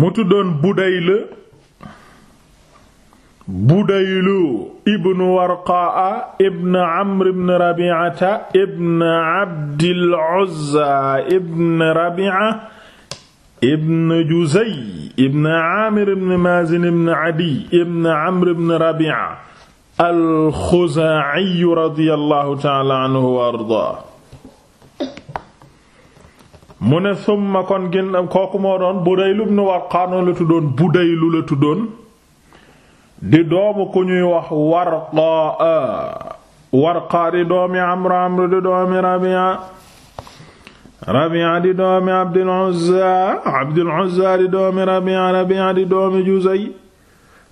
mu tuddoon budayla budaylu ibnu warqaa ibn amr ibn rabiata ibn abdil uzza ibn rabia ibn juzay ibn amir ibn mazin ibn adi ibn amr ibn rabia alxuzaayi radiyallahu taala anhu wa ardaa mu ne summa kon gin kooku moo doon Budayl ibn Warqaan la tuddoon Budaylu la tuddoon di doomu ku ñuy wax Warqaa Warqaa di doomi Amr Amr di doomi Rabia Rabia di doomi Abdul Uzza Abdul Uzza di doomi Rabia Rabia di doomi Juzay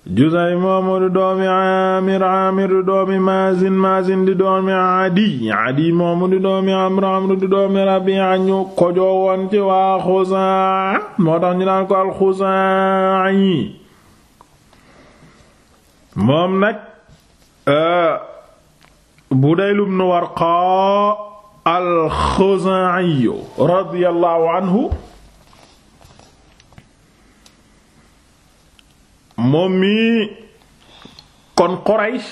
Juzay moomu di doomi Aamir Aamir di doomi Maazin Maazin di doomi Adi Adi moomu di doomi Amr Amr di doomi Rabi'a ñu ko joowoon waa Xusaa moo tax ñu naan ko alxusaa yi moom nag euh, Budayl ibn Warqa alxusaa yi radiyallahu anhu moom mii kon Quraysh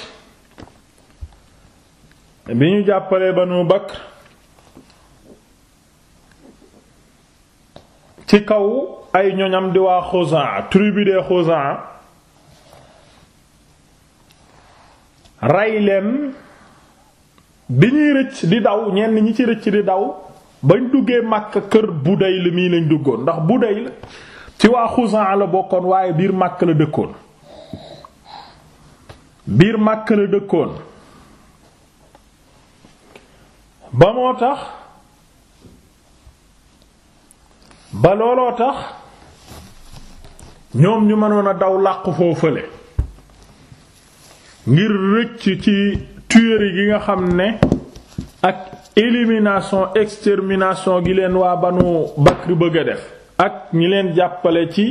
bi ñu jàppalee Banu Bakr ci kaw ay ñoñam di waa Xuzaa tribu de Xuzaa rey leen bi ñuy rëcc di daw ñenn ñi ci rëcc di daw bañ duggee Makka kër li mii lañ duggoon ndax Budayl la ci waa Xuzaa la bokkoon waaye biir màkk la dëkkoon biir Makka la dëkkoon ba moo tax ba looloo tax ñoom ñu mënoon a daw làqu foofale ngir rëcc ci tuerie gi nga xam ne ak élimination extermination gi leen waa Banu Bakr bëgg a def ak ñi leen jàppale ci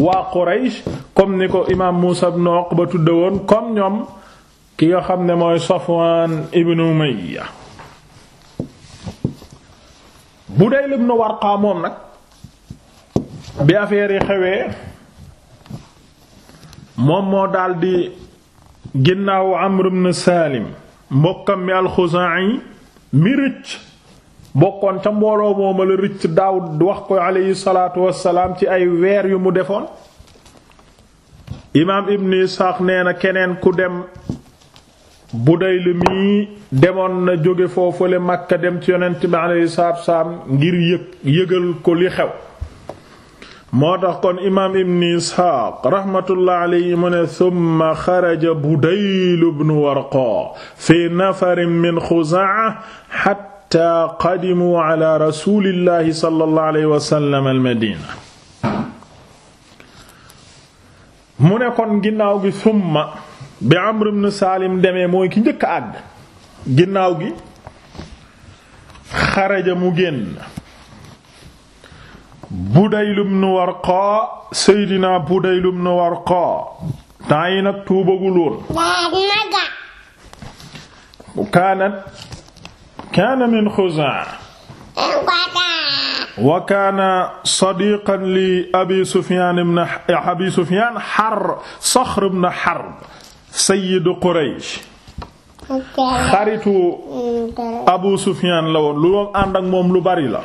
waa Quraysh comme ni ko imaam Muusa ibn Uqba tudde woon comme ñoom ki nga xam ne mooy Safwaan ibn Umayya Budayl ibn Warqa moom nag bi affaire yi xewee moom moo daldi ginnaaw Amr ibn Salim mbokkam mi al-Xuzaa'i mi rëcc bokkoon ca mbooloo mooma la ricc Daawud wax ko aleyhi salaatu wassalaam ci ay weer yu mu defoon imaam Ibn Isxaaq nee na keneen ku dem Budayl mii demoon na jóge foofule Makka dem ci yonent bi aleyhi salaatu wassalaam ngir yëg yëgal ko li xew moo tax kon imaam Ibn Isxaaq raxmatullah mu ne summa xaraja Budayl ibn Warqa fi nafarin min Xuzaa xatta qadimu ala rasulillahi sallallahu alayhi wa sallam almadina mu ne kon ginnaaw gi summa bi Amr ibn Salim demee mooy ki njëkk a ginnaaw gi xaraja mu génn Budayl ibn Warqa Seydina Budayl ibn Warqa temps yi nag tuubagul woon kaanat kaana min Xuzaa wa kaana sadiqan li Abi Sufyaan ibn Abi Sufyaan Harb Saxr ibn Harb sayyidu Quraysh xaritu Abu Sufyaan la woon lu doon ànd ak moom lu bari la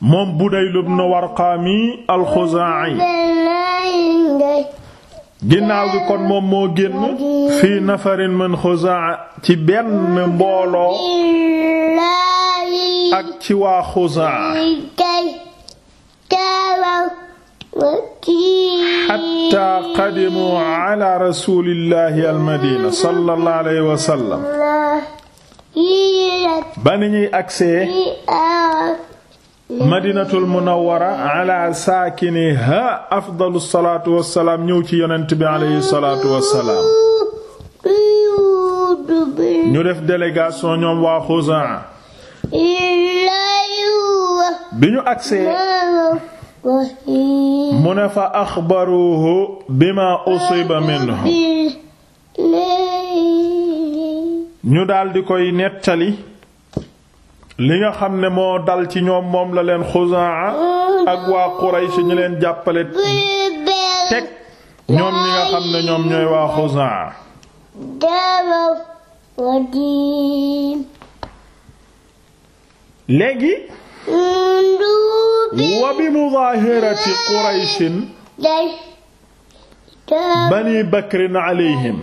moom Budayl ibn Warqaami al-Xuzaa'i ginnaaw gi kon moom moo génn fii nafarin min Xuzaa ci benn mbooloo ak ci waa Xuzaa xatta qadimu ala rasulillahi almadina sallallahu alayhi wa sallam ba ni ñuy agsee madinatul munawwara ala saakiniha afdalu salaatu wassalaam ñëw ci yonent bi alayhi salaatu wassalaam ñu def délégation ñoom waa Xuzaa bi ñu agsee mu ne fa axbaruhu bima usiba minhu ñu daldi koy nettali li nga xam ne moo dal ci ñoom moom la leen Xuzaa ak waa Quraysh ñu leen jàppale teg ñoom ñi nga xam ne ñoom ñooy waa Xuzaa léegi wa bi mudaahirati Qurayshin Bani Bakrin alayhim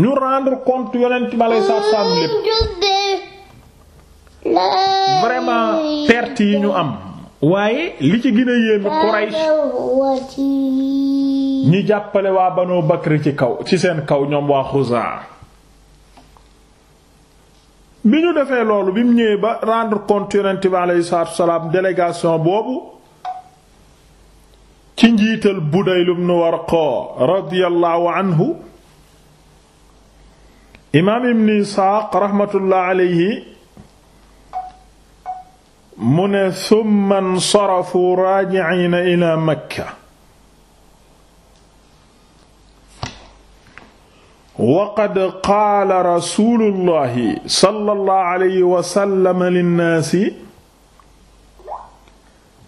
ñu rendre compte yonent bi alayhi salaam lépp vraiment perte yi ñu am waaye li ci gën a yéem jàppale waa Banu Bakr ci kaw ci seen kaw ñoom waa Xuzaa bi ñu defee loolu bi mu ñëwee ba rendre compte Yonent bi alayhi salaatu wasalaam délégation boobu ci njiital Budayl ibn Warqa radiyallahu anhu imaam Ibn Isaaq rahmatullah alayhi mu ne summa nsarafu raajiciina ila makka waqad qaala rasuulullahi sallallahu alayhi wa sallam linnaasi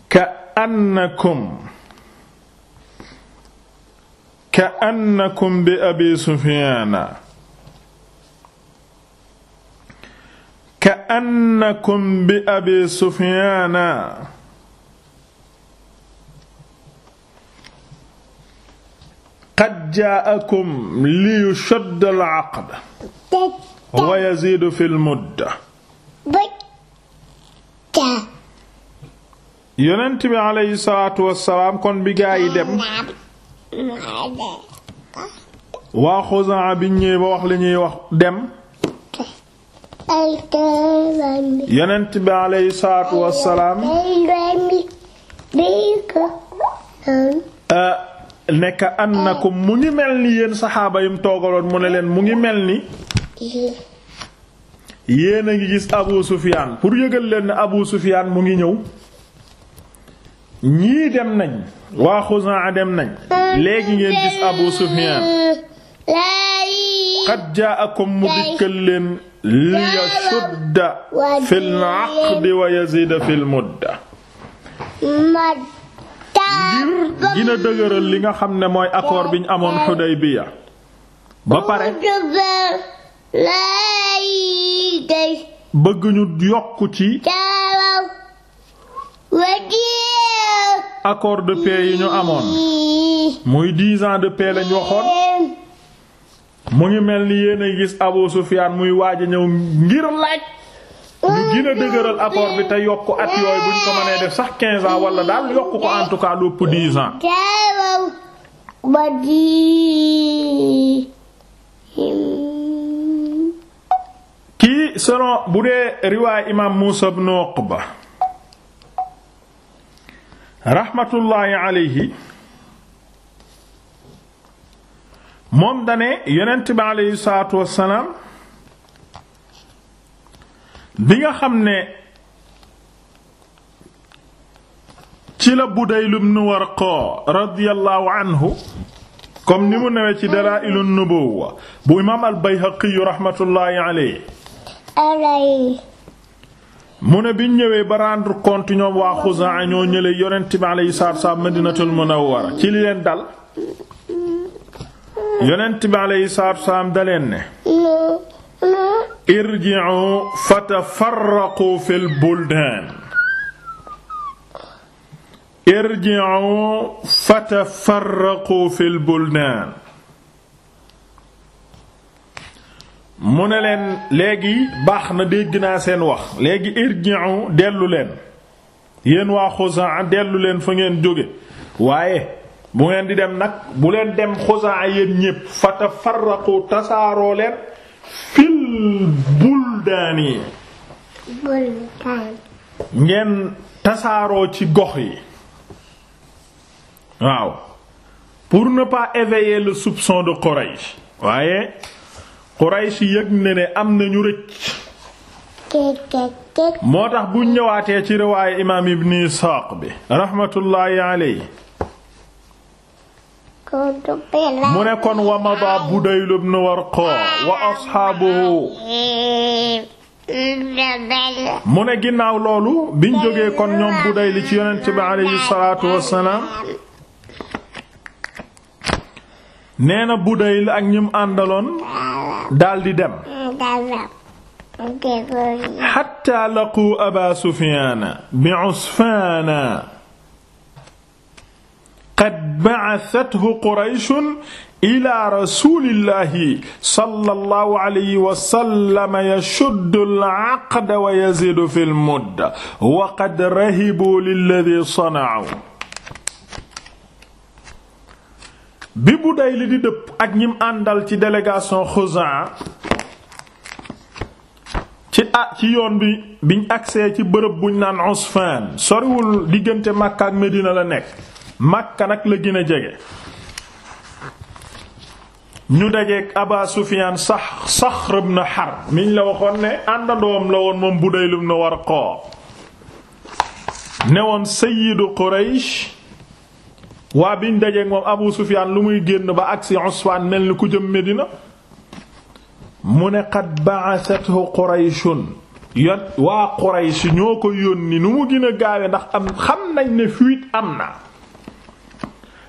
ka'annakum ka'annakum bi abi sufyaana ka annakum bi abi sufyaana qad jaa'akum li yushadd al aqd wa yaziid fi al mudda yonent bi alayhi salaatu wassalaam kon bi gaa yi dem waa Xuzaa bi ñëw ba wax li ñuy wax dem yonent bi aleyhi salaatu wassalaam eh, mu ngi mel ni yéen saxaaba yim toogaloon mu ne leen mu ngi mel ni yéen a ngi gis Abu Sufyaan pour yëgal leen Abu Sufyaan mu ngi ñëw ñii dem nañ waa Xuzaa dem nañ léegi ngeen gis Abu Sufyaan qad ja'akum mu dikkal leen li yashudda fil aqdi wa yazida fil mudda ngir dina dëgëral li nga xam ne mooy accord biñ amoon Hudaybiya ba pare bëgg ñu yokk ci accord de paix yi ñu amoon muy dix ans de paix lañ waxoon mu ngi mel ni yéen a gis Abu Sufyaan muy waaj a ñëw ngir laaj ñu a dëgëral apport bi te yokk at yooyu buñ ko mënee def sax 15 ans wala daal yokk ko en tout cas lu ëpp 10 ans. kii selon bu dee riwaay imaam Muusa ibn Uqba rahmatullahi alayhi moom dane yonent bi aleyhi salaatu wassalaam bi nga xam ne ci la Budayl ibn Warqa radiyallahu anhu comme ni mu newee ci Dalaa'ilun Nubuwwa bu imaam al-Bayhaqi rahmatullahi aleyhi mu ne biñ ñëwee ba rendre compte ñoom waa Xuzaa ñoo ñële yonent bi aleyhi salaatu wassalaam Madinatul Munawwara ci li leen dal yonent bi alayhi salaatu wassalaam daleen ne irji'u fatafarraqu fil fil buldaan mu ne leen léegi baax na dégg naa seen wax léegi irji'u dellu leen yéen waa Xuzaa dellu leen fa ngeen jóge waaye bu ngeen di dem nag bu leen dem Xusaa yéen ñépp fatafarraqu tasaaroo leen fil buldaani ngeen tasaaroo ci gox yi waaw pour napa pas éveiller le soupçon waaye Quraysh yëg ne ne am na ñu rëcc moo tax bu ñëwaatee ci riwaaye imaam Ibn Isaaq bi raxmatullaahi alayhi mu ne kon wa mada Budayl ibn wa asxaabuhu mu ne ginnaaw loolu bi jógee kon ñoom Budayl ci yonent bi aleyhi salaatu wassalaam nee na Budayl ak ñim àndaloon daldi dem xatta laqu Aba Sufyaana bi Usfaana qad ba'athathu qurayshun ila rasulillahi sallallahu alayhi wa sallam yashuddu al-'aqda wa yazidu fi al-mudda wa qad rahibu lilladhi sana'u bi Budayli di dëpp ak ñim àndal ci délégation Xuzaa ci yoon bi biñ agsee ci bërëb buñ naan Usfaan soriwul diggante Makka ak Medina la nekk Makka nag la gën a jege ñu dajeek Aba Sufyaan sax Saxr ibn Harb miñ la waxoon ne àndandoom la woon moom Budayl ibn Warqa ne woon sayyidu Quraysh waa biñ dajeek moom Abu Sufyaan lu muy génn ba agsi Usfaan mel ni ku jëm Medina mu ne qad ba'athathu Qurayshun yot waa Quraysh ñoo ko yónni nu mu gën gaawe ndax am xam nañ ne fuite am na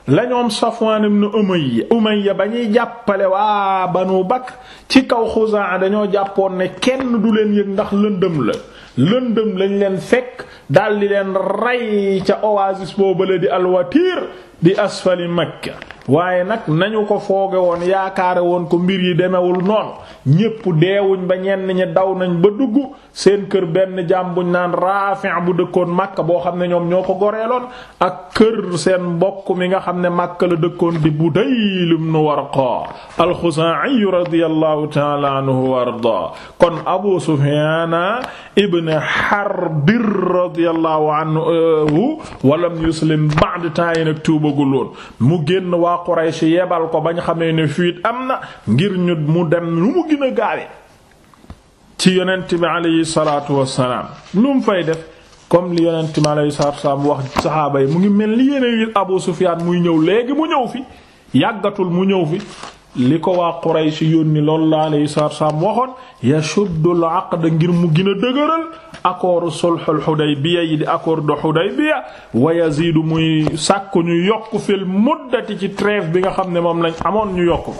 la ñoom Safwan ibn Umayya Umayya ba ñuy jàppale waa Banu Bakr ci kaw Xuzaa dañoo jàppoon ne kenn du leen yëg ndax lëndëm la lëndëm lañ leen fekk daal di leen rey ca oasis boobale di alwatir di asfali makka waaye nag nañu ko fooge woon yaakaare woon ko mbir yi demewul noonu ñépp deewuñ ba ñenn ñi daw nañ ba dugg seen kër benn jaam buñ naan Raafi' bu dëkkoon Makka boo xam ne ñoom ñoo ko goreeloon ak kër seen mbokk mi nga xam ne Makka la dëkkoon di Budayl ibn Warqa al-Xuzaa'i radiyallahu ta'ala anhu wa ardaa kon Abu Sufyaan ibn Harb radiyallahu anhu walam yuslim ba'd temps yi nag tuubagul woon mu génn waa Quraysh yebal ko bañ xamee ne fuite am na ngir ñu mu dem lu mu gën a ci yonent bi alayhi salaatu wassalaam lu mu fay def comme li yonent bi alayhi salaatu wassalaam wax saxaaba yi mu ngi mel ni yéen a Abu Sufyaan muy ñëw léegi mu ñëw fi yàggatul mu ñëw fi li ko waa Quraysh yónni loolu la alayhi salaatu waxoon yashuddul aqd ngir mu gën a dëgëral accord sulhul Hudaybiya yi di accord de Hudaybiya wa yaziidu muy sàkk ñu yokk fil muddati ci trêve bi nga xam ne moom lañ amoon ñu yokk ko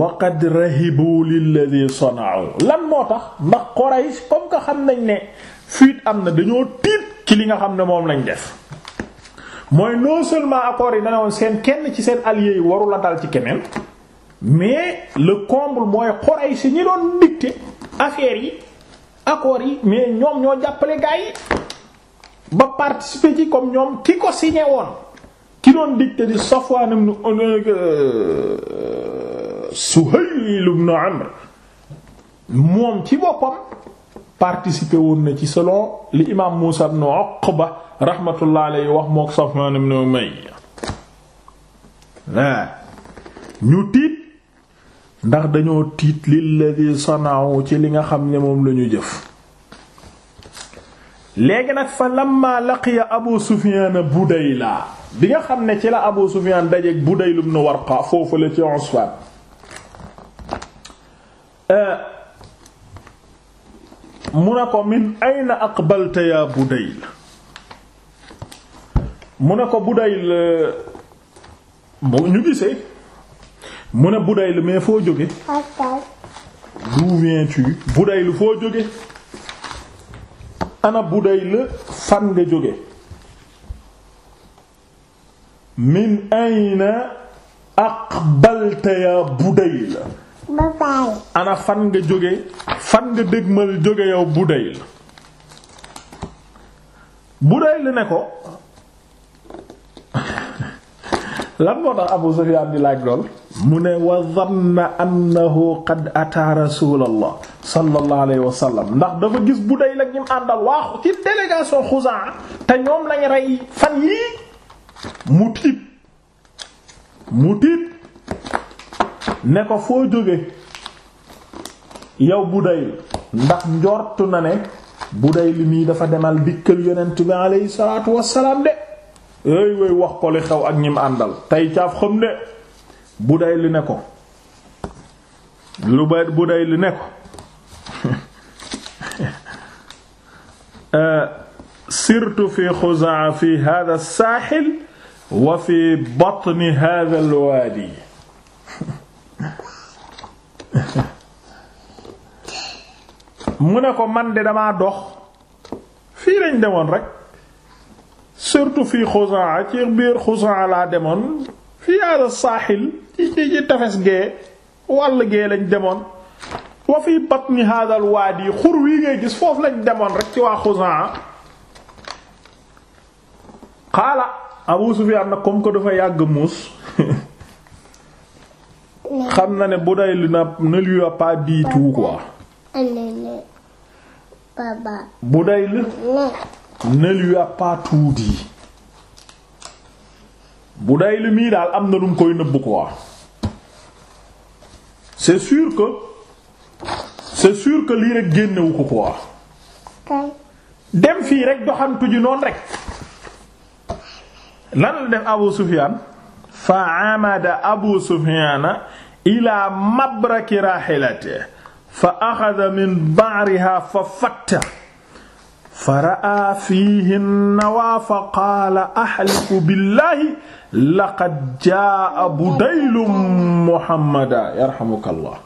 waqad rahibu lilladhi sana'u lan moo tax ndax xam nañ ne fuite am na dañoo tiit ci li nga xam ne moom lañ def mooy non seulement accords yi na ne woon seen kenn ci seen alliés yi warula dal ci keneen mais le comble mooy xorey si ñi doon dicter affaires yi accords yi mais ñoom ñoo jàppale gars ba participer ci comme ñoom ki ko signé woon ki doon dicter di Safwan ibn euh, euh, Suhayl ibn Amr moom ci boppam participer woon na ci selon li imaam Muusa ibn Uqba rahmatullah alayhi wax mook Safwan ibn Umayya ñu tiit ndax dañoo tiit lilladi sanaawu ci li nga xam ne moom lañu jëf léegi nag fa lamma laqiya Abu Sufyaan Budayla bi nga xam ne ci la Abu Sufyaan dajeek Budayl ibn Warqa foofu la ci Usfaan mu ne ko min ayna aqbalta ya Budayl mu ne ko Budayl euh, bu ñu gisee mu ne Budayl mais foo jóge d'où viens-tu foo jóge ana bu Budayl fan nga jóge min ayna aqbalta ya Budayl ana fan nga jóge fan nga dégmal jóge yow Budayl Budayl ne ko lan moo tax Abu Sufyaan di laaj lool mu ne wa dhanna annahu qad ata rasulallah sallallahu alayhi wa ndax dafa gis Budayl ak ñim àndal waaxu ci délégation Xuzaa te ñoom lañ rey fan yii mu tiit mu tiit ne ko foo jóge yow Budayl ndax njortu na ne Budayl nii dafa demal dikkal yonent bi aleyhi salaatu wassalaam de eey wey wax ko xew ak ñim àndal tey caaf xam de Budayl ne ko lu bay Budayl ne ko euh, sirtu fi Xuzaa fi hada saaxil wa fi batni hada alwaadi mu ne ko man de damaa dox fii lañ demoon rek surtout fii Xusaa ci biir Xusaa laa demoon fii ala saaxil ci ci tefes gee wàll gee lañ demoon wa fii batni hada al waadi xur wi ngay gis foofu lañ demoon rek ci waa Xusaa xaala Abu Sufyaan nag comme que dafa yàgg muus xam na ne bu day li na ne ko a Budayl ne lui a pas tout dit Budayl mii daal am na lu mu koy nëbb quoi c'est sûr que c'est sûr que lii rek génnewu ko quoi dem fii rek doxantu ji noonu rek lan la def Abu Sufyan fa amada Abu Sufyan ila mabraki rahilati fa axada min ba'riha fa fatta fa ra'a fiihi nawaa fa qaala ahlifu billaahi laqad jaa'a budaylum muhammadan yarhamukallah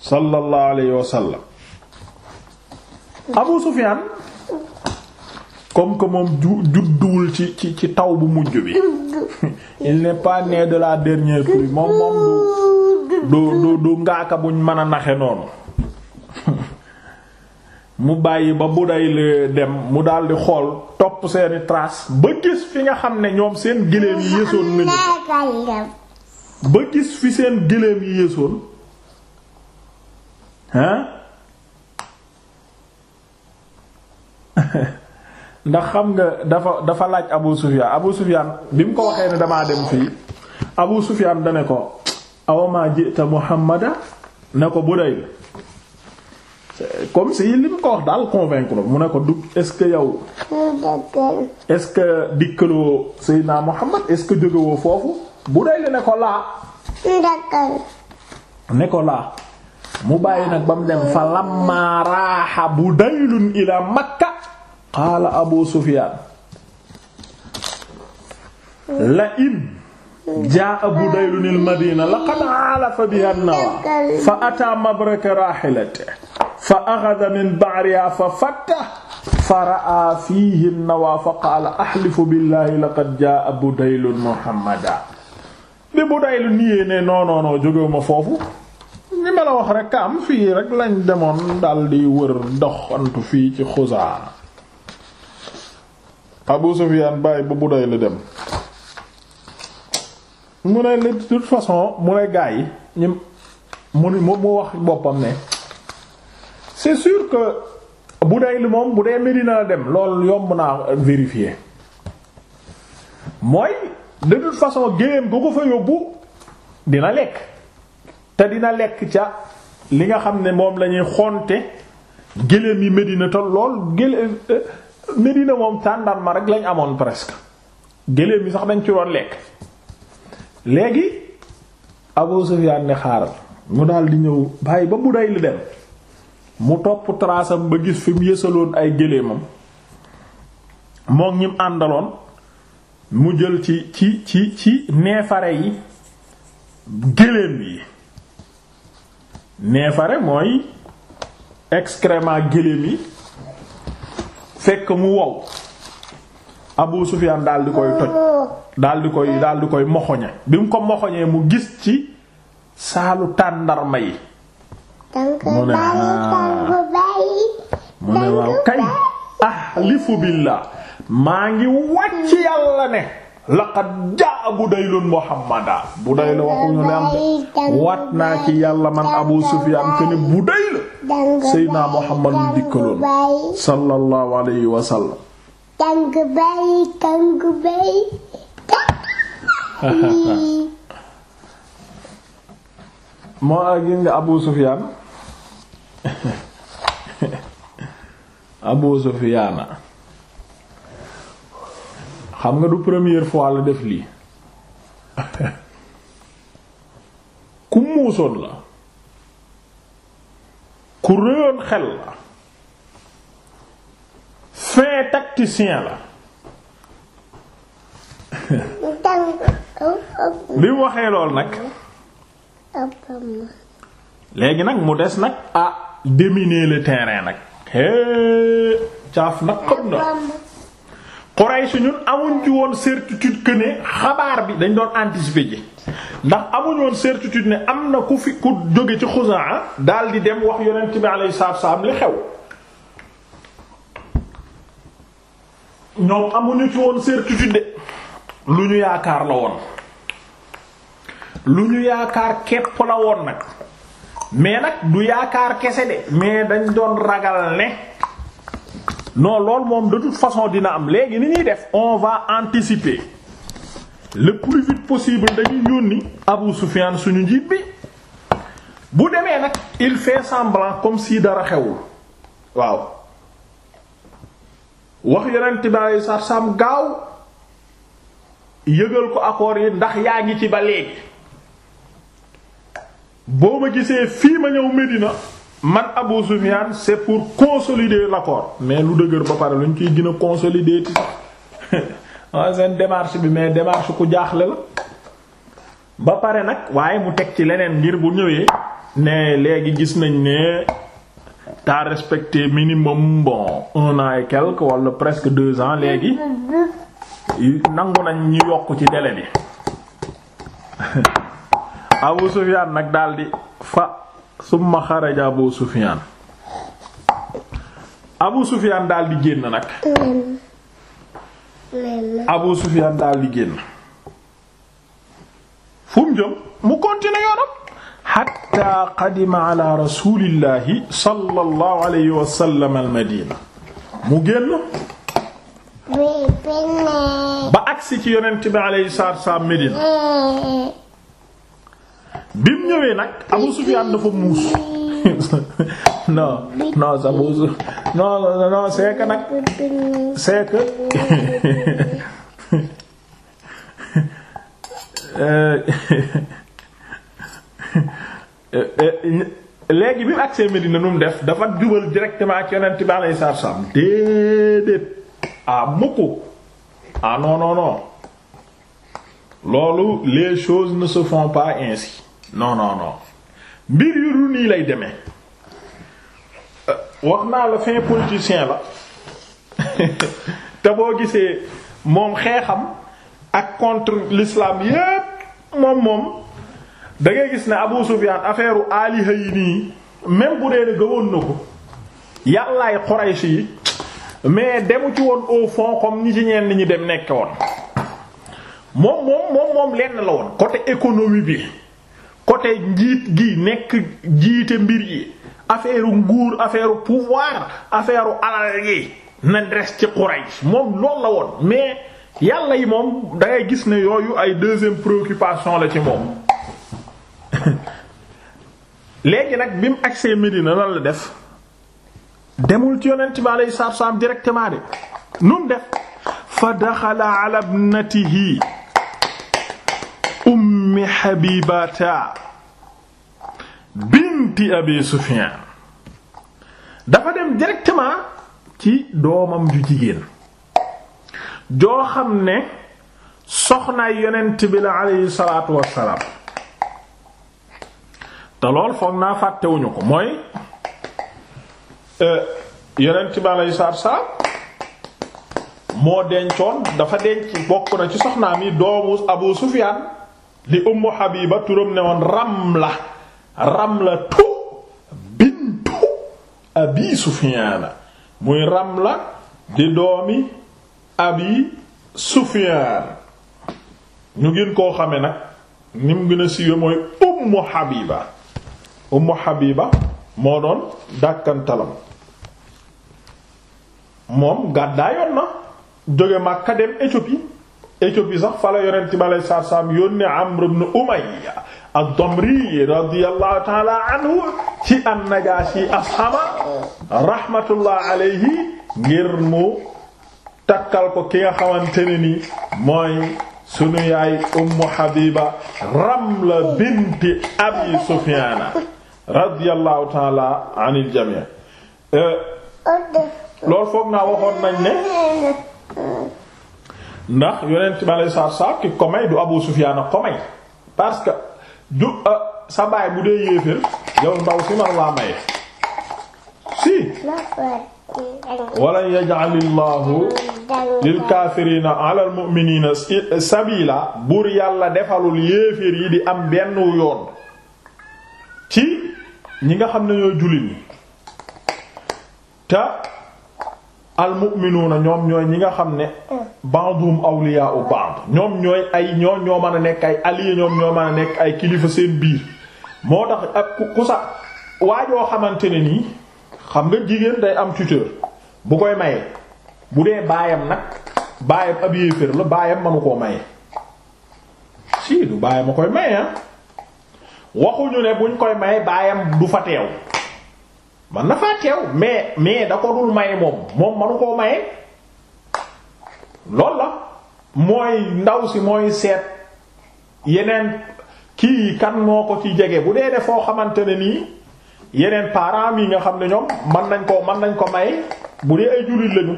sallallahu alayhi wa sallam Abu Sufyaan comme que moom judduwul ci ci ci taw bu mujj bi il n'est pas né de la dernière pluie moom moom du du du du ngaaka buñ mën a naxe noonu mu bàyyi ba bu day dem mu daldi xool topp seeni trace ba gis fi nga xam ne ñoom seen gëléem yi yéesoon nañu seen gëléem yi ndax xam nga dafa dafa laaj Abu Sufyaan Abu Sufyaan bi mu ko waxee ne damaa dem fii Abu Sufyaan da ko awama jita muhammada ne ko Budayl comme si li mu ko wax daal convaincre mu ne ko du est-ce que yow est-ce que dikkaloo Seydina Muhammad est-ce que jógewoo foofu Budayl ne ko laa ne ko laa mu bàyyi nag ba dem fa lamma raaxa Budaylun ila Makka qaala Abu Sufyaan la in jaa Budayl al-Madina laqad alafa biha an-nawa mabraka rahilatihi fa akhadha min ba'riha fa fattaha fa ra'a fihi fa qala ahlifu billahi laqad jaa Budayl Muhammadan bi Budayl niyee ne non foofu ni ma am fii rek lañ demoon dal di wër fii ci Xuzaa Abu Sufyaan bàyyi ba Budayl dem mu ne de toute façon mu ne gaa yi ñu mu mu wax boppam ne c'est sûr que bu dee li moom bu dee Medina la dem lool yomb naa vérifier mooy de toute façon génneem ko ko fa yóbbu dina lekk te dina lekk ca li nga xam ne moom lañuy xonte géléem yi Medina tol lool géléem euh, Medina moom tàndarma rek lañ amoon presque géléem yi sax dañ ci doon lekk léegi Abu Sufyaan ne xaaral mu daldi ñëw bàyyi ba bu day li dem mu topp trasam ba gis fi mu yësaloon ay géléemam moom ñim àndaloon mu jël ci ci ci ci neefare yi géléem yi neefare mooy excrément gëléem yi fekk mu wow Abu Sufyaan daal di koy toj daal di koy daal di koy moxoñe bi mu ko moxoñee mu gis ci saalu tàndarma yi mu ne ah. mu ne waaw kay ahlifu billah maa ngi wàcc yàlla ne laqad jaa budaylun muhammada budayla waxuñu ne am wat naa ci yàlla man abu sufyaan këni budayla seydinaa muhammadun dikkaloon sallallahu alayhi wa Kangu Bay, Kangu Bay. moo gis nga Abu Sufyaan Abu Sufyaan xam nga du première fois la def lii ku muusoon la ku réyoon xel fin tacticien la bi mu waxee lool nag léegi nag mu des nag ah déminer le terrain nag hee caaf nag xam na Quraysh ñun amuñ ci woon certitude que ne xabaar bi dañ doon anticiper ji ndax amuñ woon certitude ne am na ku fi ku jóge ci Xuzaa daal di dem wax yonent bi alayhi salaam li xew ñoom amuñu ci woon certitude lu ñu yaakaar la woon lu ñu yaakaar képp la woon nag mais nag du yaakaar kese de mais dañ doon ragal ne non lool moom de toute façon dina am léegi ni ñuy def on va anticiper le plus vite possible dañuy yónni Abu Sufyan suñu njiit bi bu demee nag il fait semblant comme si dara xewul waaw wax yonent bi aleyhi salaatu gaaw yëgal ko accords yi ndax yaa ngi ci ba léegi boo ma gisee fii ma ñëw Medina man Abu Sufyan c'est pour consolider l'accord mais lu dëgër ba pare luñ ciy gën a consolider ti waaw seen démarche bi mais démarche ku jaaxle la ba pare nag waaye mu teg ci leneen ngir bu ñëwee ne léegi gis nañ ne t'as respecté minimum bon un an et quelque wala presque deux ans léegi nangu nañ ñu yokk ci délai bi Abu Sufyan nag daldi fa summa xaraja Abu Sufyan Abu Sufyan daldi génn nag Abu Sufyan daldi génn fu jëm mu continuer xatta qadima ala rasulillahi sallallahu alayhi wa sallam al madina mu génn ba agsi ci yonent bi alayhi salaatu salaam Medina bi mu ñëwee nag Abu Sufyaan dafa muus non non sa Abu Su non non c'est que nag c'est que euh, Euh, euh, léegi bi mu agsee Medina nu mu def dafa jubal directement ci yonent bi alayhi salaatu salaam déedéet ah mukk ah non non loolu les choses ne se font pas ainsi non non mbir yu dul nii lay demee euh, wax naa la fin politicien la te boo gisee moom xeexam ak contre l'islam yépp moom moom. da ngay gis ne Abu Sufyan affaire aliha yi nii même bu dee ne gëwoon na ko yàllaay Quraysh yi mais demu ci woon au fond comme ñi ci ñenn ñi dem nekke woon moom moom moom lenn la woon côté économie bi côté njiit gi nekk jiite mbir yi affaire nguur affaire pouvoir affaire alal yi na des ci Quraysh moom loolu la woon mais yàlla yi moom da ngay gis ne yooyu ay deuxième préoccupation la ci moom léegi nag bi mu agsee Medina lan la def demul ci yonent bi alayhi salaatu salaam directement de nu mu def fa daxala ala ibnatihi ummi Habibata binti Abi Sufyan dafa dem directement ci doomam ju jigéen joo xam ne soxnaay yonent bi la alayhi salaatu wassalaam te lool foog naa fàttewuñu ko mooy euh, yonent bi aleyhi salaatu salaam moo dencoon dafa denc bokk na ci soxnaam yi doomu Abu Sufyaan li Ummu Habiba turam ne woon Ramla Ramlatu bintu Abi Sufyaana muy Ramla di doomi Abi Sufyaan ñu gën koo xame nag ni mu gën a siiwe mooy Ummu Habiba ummu habiba moo doon dàkkantalam moom gàddaayoon na jóge Makka dem Éthiopie Éthiopie sax fa la yonent bi aleyhi yónni Amr ibn Umayya ad radiyallahu ta'ala anhu ci an-Najashi ashama rahmatullah alayhi ngir mu takkal ko ki nga xamante ne mooy sunu yaay Ummu Habiba Ramla binti Abi Sufyana radiyallahu taala anil jamii euh, loolu foog naa waxoon nañ ne ndax yonent bi aleyhi ko may du Abu Sufyaan ko may parce que du euh, sa bu dee yéeféer yow ndaw si man laa maye si walan yaj'alillahu lil kaafiriina alal mu'miniina sabila buur yàlla defalul yéeféer yi di am benn yoon ci ñi nga xam ne ñooy jullit ñi te almu'minuuna ñoom ñooy ñi nga xam ne ba'dhum u ba'd ñoom ñooy ay ñoo ñoo mën a nekk ay alliés ñoom ñoo a nekk ay kilifa seen biir moo tax ak ku sa waajoo xamante ne nii xam nga jigéen day am tuteur bu koy maye bu dee baayam nag baayam ab yéeféer la baayam manu koo maye si du baayam a koy maye ah. waxuñu ne buñ koy may baayam du fa teew man na faa teew mais mais da ko dul maye moom moom manu koo maye loolu la mooy ndaw si mooy seet yeneen kii kan moo ko ci jege bu dee foo xamante ne nii yeneen parents yi nga xam ne ñoom mën nañ ko mën nañ ko may bu dee ay jullit lañu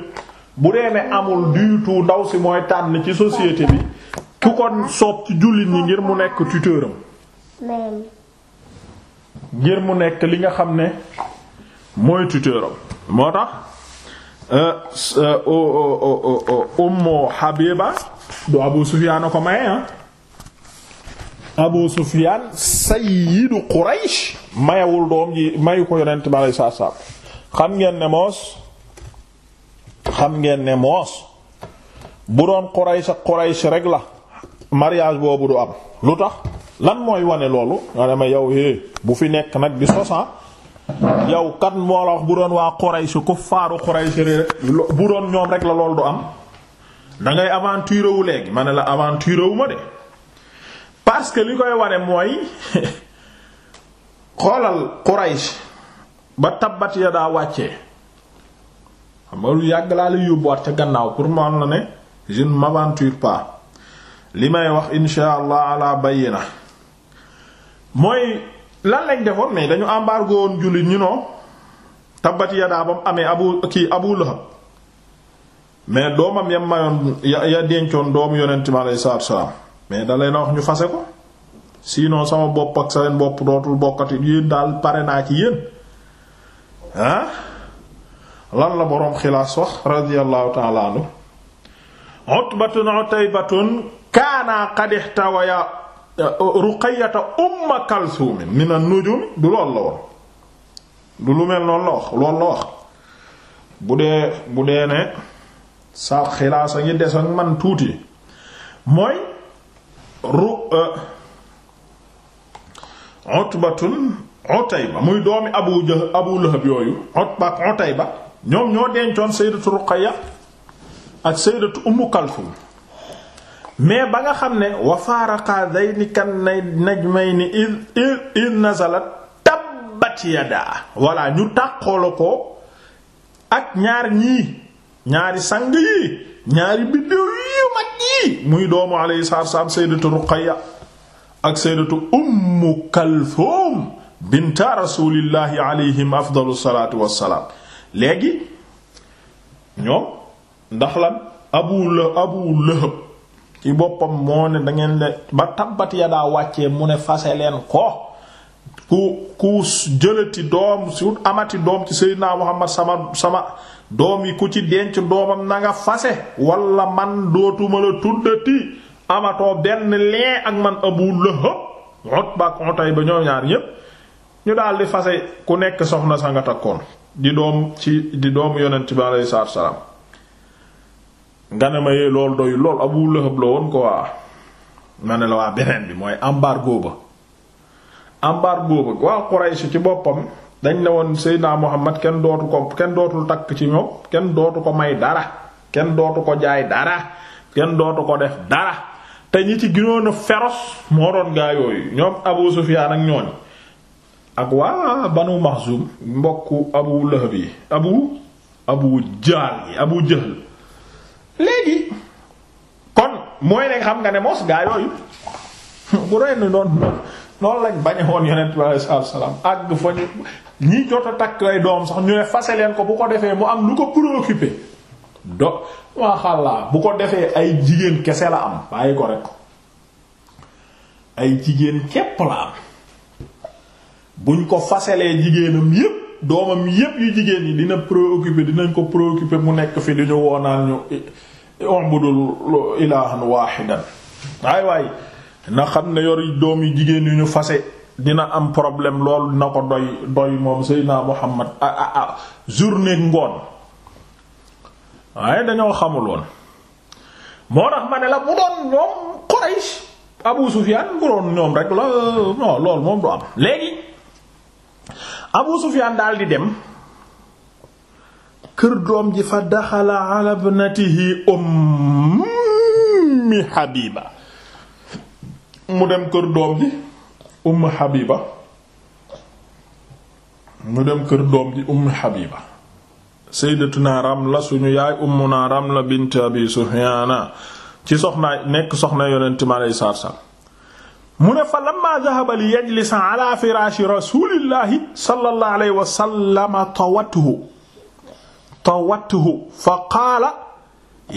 bu dee ne amul du ndaw si mooy tànn ci société bi ku kon soob ci jullit ñi ngir mu nekk tuteur am ngir mu nekk li nga xam ne mooy tuteuram moo tax euh, euh, ummu Habiba du Abu Sufyaan ko maye ah Abu Sufyaan sayyidu Quraysh mayewul doom ji mayu ko yonent bi aleyhi xam ngeen ne moos xam ngeen ne moos bu doon Quraysh ak rek la mariage boobu du am lu tax lan mooy wane loolu nga dema yow é bu fi nekk nag di sosa yow kat moo la wax bu doon waa Quraysh ku faaru Quraysh bu doon ñoom rek la loolu du am da ngay aventure wu léegi ma ne la aventure wu ma de parce que li koy wane mooy xoolal Quraysh ba tabbat ya daa wàccee xam nga lu yàgg laa la yóbbuwaat ca gannaaw pour mu am la ne je ne m'aventure pas li may wax insha Allah ala na mooy lan lañ defoon mais dañu embargo woon jullit ñu noo tabbat yadaa ba mu amee abu kii abu lahab mais doomam yam mayoon ya ya dencoon doomu yonent mi aleyhi salaatu salaam mais dalay leen wax ñu fase ko sinon sama bopp ak sa leen bopp dootul bokkati yéen daal pare naa ci yéen lan la borom xilaas wax radiyallahu ta'ala anhu utbatun utaybatun kaana qad ihtawaya ruqayyata umma kalsuum min an-nujum du lool la woon du lu mel noonu la wax lool la wax bu dee bu dee ne sa xilaas a ngi des ak man tuuti mooy ru euh, utbatun utayba muy doomi abu jah abu lahab yooyu utba ak utayba ñoom ñoo dencoon sayyidatu ruqayya ak sayyidatu ummu kalsuum mais ba nga xam ne wa faaraqa dayni kan najmayni id id id nazalat tabbat yadaa voilà ñu tàqoolo ko ak ñaar ñii ñaari sang yi ñaari biddew yu mag yi muy doomu alayhi salaam sayyidatu Ruqayya ak sayyidatu Ummu Kalthum binta rasulillahi alayhim afdalu salaatu wassalaam léegi ñoom ndax lan Abu Lahab Abu Lahab ci boppam moo ne dangeen ngeen ba tabbat ya daa wàccee mu ne fase leen ko ku ku jëlati doom su amati doom ci Seydina Muhammad sama sama doom yi ku ci denc doomam na fase wala man dootuma la tuddati amatoo benn lee ak man Abu Lahab Utba ak Utayba ñoom ñaar ñépp ñu daal fase ku nekk soxna sa nga takkoon di doom ci di doomu yonent bi alayhi salaam nga ne ma yee lool doy lool Abu Lahab la woon ko waa ma ne la waa beneen bi mooy embargo ba embargo ba waa Quraysh ci boppam dañ ne woon Seydina Muhammad kenn dootu ko kenn dootul takk ci ñoom kenn dootu ko may dara kenn dootu ko jaay dara kenn dootu ko def dara te ñi ci ginoon a féroce moo doon gaa yooyu ñoom Abu Sufyaan ak ñooñ ak waa Banu Maxsum mbokku Abu Lahab yi Abu Abu Jahl yi Abu Jahl léegi kon mooy ne xam nga ne mos gaa yooyu bu reen noonu noonu lañ bañe woon yonent bi alayhi salaatu salaam fa ñu ñi jot a takk ay doom sax ñu ne fase leen ko bu ko defee mu am lu ko préoccupé do waxalla bu ko defee ay jigéen kese la am bàyyi ko rek ay jigéen képp la am buñ ko faselee jigéenam yépp doomam yépp yu jigéen yi dina préoccupé dinañ ko préoccupé mu nekk fi di ñu ñu u'budu ilaahan waahidan waay waay na xam ne yor doom yu jigéen yu ñu fase dina am problème lool dina ko doy doy moom Seydina Muhammad ah ah ah journée ngoon waaye dañoo xamuloon moo tax ma ne la bu doon ñoom Quraysh Abu Sufyaan bu ñoom rek la moom du am léegi Abu Sufyaan daal di dem. kër doom ji fa daxala ala ummi Habiba mu dem kër doom ji ummi Habiba mu dem kër doom ji ummi Habiba sayyidatuna Ramla suñu bint Abi Sufyana ci soxnaay nekk soxna yonent mi alayhi mu ne fa lamma dahaba li yajlisa ala firaashi rasuulillahi sallallahu alayhi tawathu fa qaala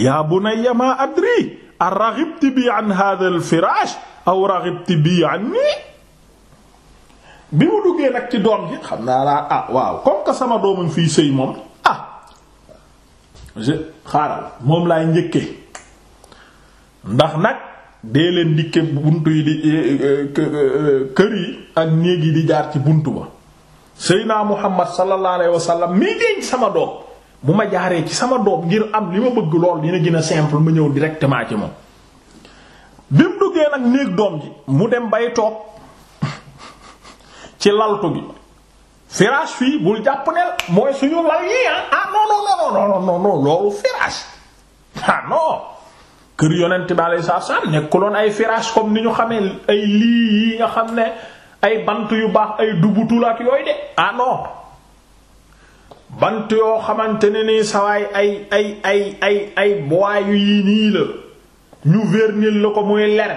yaa bunayya maa adri a raghibti bi an hadha al firaash aw raghibti bi anni bi mu duggee nag ci doom ji xam naa laa ah waaw comme que sama doomu fii sëy moom ah je moom laay njëkkee ndax nag dee leen dikke bunt yi di eh, eh, kër yi ak néeg di jaar ci bunt ba sëy naa Muhammad sallallahu alayhi wa sallam mii sama doom bu ma jaaree ci sama doom ngir am li ma bëgg lool dina gën a simple ma ñëw directement ci moom bi mu duggee nag néeg doom ji mu dem bay toog ci laltu gi firage fii bul jàpp ne mooy suñu lal yi ah, ah non non non non loolu firage ah kër yonent bi alayhi salaam nekkuloon ay firage comme ni ñu xamee ay lii yi nga xam ne ay bant yu baax ay dubutul ak yooyu de ah non. bant yoo xamante ne nii sawaay ay ay ay ay ay boayu yi nii la ñu vernil la ko muy ler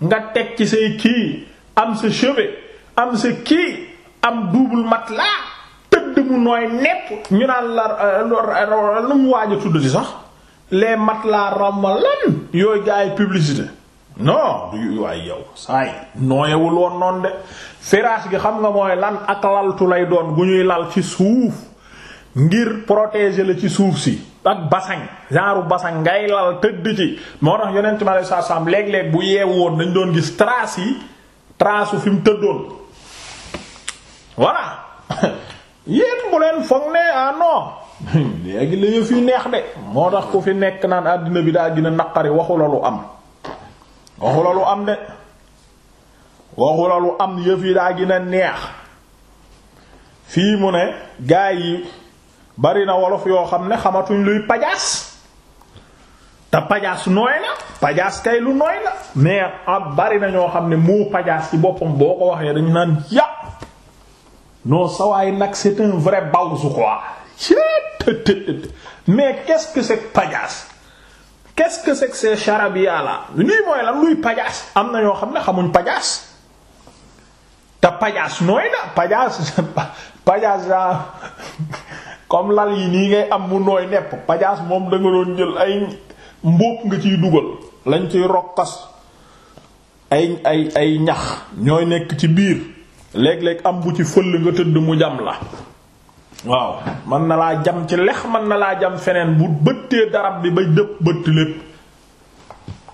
nga teg ci say kii am sa chevet am sa kii am double matelas tëdd mu nooy nepp ñu naan la euh, lu mu waaj tudd ci sax les matelas ramalan yooyu gaay publicité non du waay yow saay nooyewul woon noonu de firaas gi xam nga mooy lan ak laltu lay doon bu ñuy lal ci suuf ngir protéger la ci suuf si ak basan genre basang ngay lal tëdd ci moo tax yonent mi alei satu salaam bu yeew woon dañ doon gis trace yi trace fi mu tëddoon voilà yéen bu leen foog ne ah léegi la yëf yi neex de moo tax ku fi nekk naan àddina bi daa gina naqari waxu la lu am waxu la lu am de waxu la lu am yëf yi daa gina neex fii mu ne gaa yi bari na wolof yoo xam ne xamatuñ luy pajaas te pajaas nooy na pajaas kay lu bari na ñoo xam ne moo pajaas ci boppam boo ko waxee dañu naan ya non nag c'est un vrai bawsu quoi mais quest que c'est pajaas charabia là lii mooy lan luy pajaas am na ñoo xam ne xamuñ pajaas te pajaas nooy na comme lal yi nii ngay am mu nooy nepp pajaas moom da doon jël ay mbóop nga ciy dugal lañ ciy rokkas ay ay ay ñax ñooy nekk ci biir léeg-léeg am bu ci fël nga tëdd mu jam la waaw mën na laa jam ci lex man na laa jam feneen bu bëttee darab bi ba dëpp bëtt lépp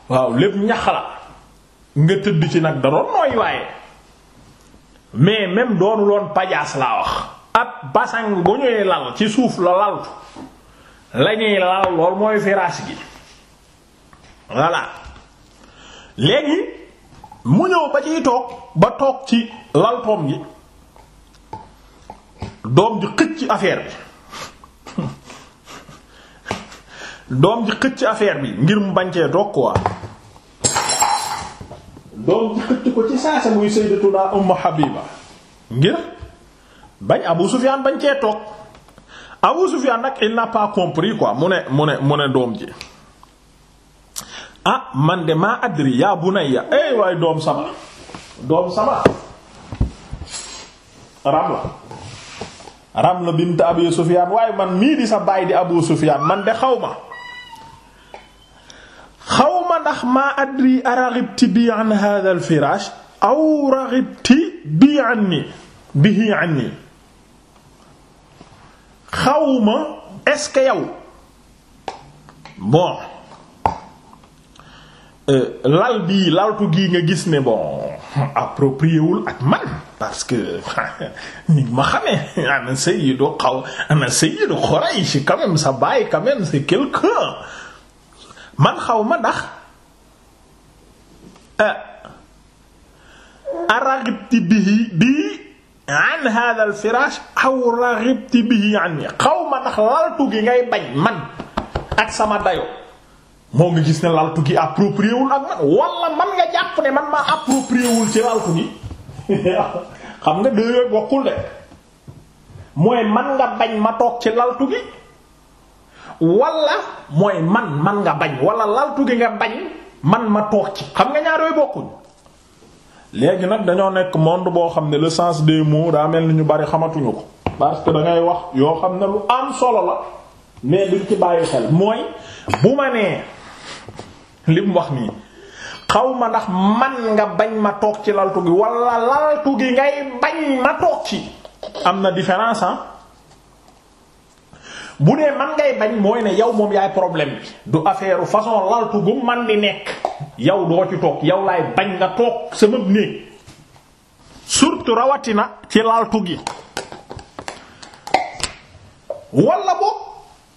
waaw lépp ñax la nga tëdd ci nag da nooy waaye mais même doonu loon pajaas laa wax ab basang bu ñuy lal ci suuf la laltu lañuy lal lool mooy firaas gi voilà léegi mu ñëw ba ciy toog ba toog ci laltoom gi doom ji xëcc ci bi doom ji xëcc ci affaire bi ngir mu bancee toog quoi doom ji xëcc ko ci saasa muy sayyidatuna Ummu Habiba ngir bañ Abu Sufyan bañ cee toog Abu Sufyan nag il n'a pas compris mu ne mu ne mu ne doom ji ah man de maa adri yaa bunayya eh waaye doom sama doom sama Ramla Ramla bint Abi Sufyan waaye man mii di sa baay di Abu Sufyan man de xaw ma xaw ma ndax maa adri araghibti bi an hadha al firaash aw raghibti bi anni bihi anni xawma est-ce que yow bon euh, lal bii laltu gii nga gis ne bon approprié wul ak man parce que nit ma xamee ana sayyidu xaw ana sayyidu Quraysh quand même sa baay quand même c'est man xaw ma ndax euh, aragibti bii bii an hada al firaash xaw ma ndax gi ngay bañ man ak sama dayo moo nga gis ne laltu gi approprié wul man wala man man maa approprié wul xam nga deux yooyu bokkul de mooy man nga bañ ma toog ci laltu gi wala mooy man man nga bañ wala laltu gi nga bañ man ma toog ci xam nga ñaar yooyu léegi nag dañoo nekk monde boo xam ne le sens des mots daa mel ni ñu bari xamatuñu ko parce que da ngay wax yoo xam ne lu am solo la mais duñ ci bàyyi xel mooy bu ma nee li wax nii xaw ma ndax man nga bañ ma toog ci laltu gi wala laltu gi ngay bañ ma toog ci am na différence ah bu dee man ngay bañ mooy ne yow moom yaay problème bi du affaire façon laltu gu man di nekk yow doo ci toog yaw laay bañ nga toog sama néeg surtout rawatina ci laltu gi wala boog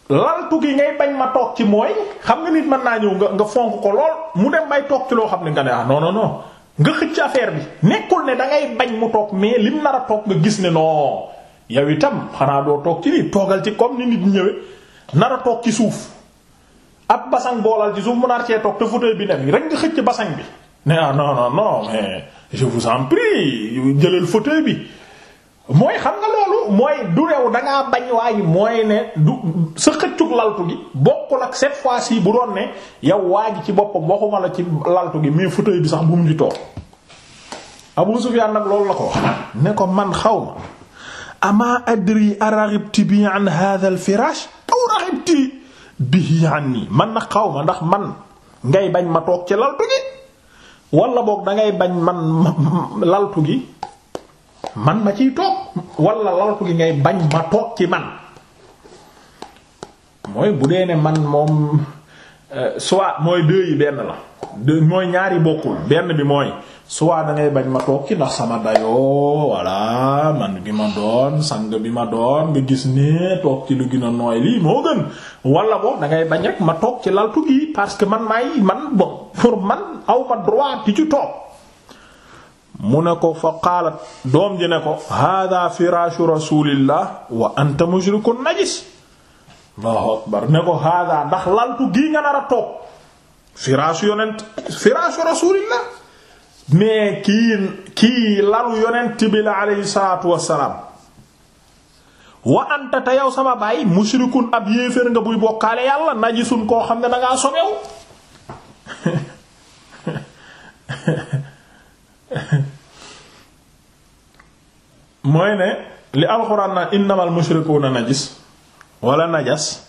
laltu gi ngay bañ ma toog ci mooy xam nga nit mën naa ñëw nga nga fonk ko lool mu dem bay toog ci loo xam ne nga ne ah non non non nga xëcc affaire bi nekkul ne da ngay bañ mu toog mais lim nar a toog nga gis ne non yow itam xanaa doo toog ci lii toogal ci comme ni nit ñëwee nar a toog ci suuf. ab basang boolal ci suuf mu nar cee toog te fauteuil bi ne fi rek nga xëcc basang bi ne ah non non mais je vous en prie jëlal fauteuil bi mooy xam nga loolu mooy du rew da bañ waaye mooy ne du sa xëccug laltu gi bokkul ak cette fois si bu doon ne yow waa ci boppam waxuma la ci laltu gi mais fauteuil bi sax bu mu ci toog Abu Sufyaan nag loolu la ko wax ne ko man xaw ma ama adri araghibti bi an hadha al firash aw raghibti bihi anni man na xaw ma ndax man ngay bañ ma toog ci laltu gi wala boog dangay bañ man laltu gi man ma ciy toog wala laltu gi ngay bañ ma toog ci man mooy bu dee ne man moom Euh, soit mooy deux benn la deux mooy ñaari bokkul benn bi mooy soit da ngay bañ ma toog ci ndax sama dayoo voilà man bi ma doon sang bi ma doon nga gis ne toog ci lu gën a nooy lii moo gën wala boog da ngay bañ rek ma toog ci laltu gi parce que man maay man bon pour man aw ma droit di ci toog mu ne ko fa qaalat doom ji ne ko hada firashu rasulillah wa anta mushrikun najis Allahu akbar ne ndax laltu gii nga nar a toog firaasu yonent firaasu rasulillah mais kii kii lalu yonent bi la aleyhi salaatu wassalaam wa anta te yow sama baay mushrikun ab yéeféer nga buy bokkaale yàlla najisun koo xam ne dangaa sobew mooy ne li alxuraan na innamal mushrikuuna najis wala najas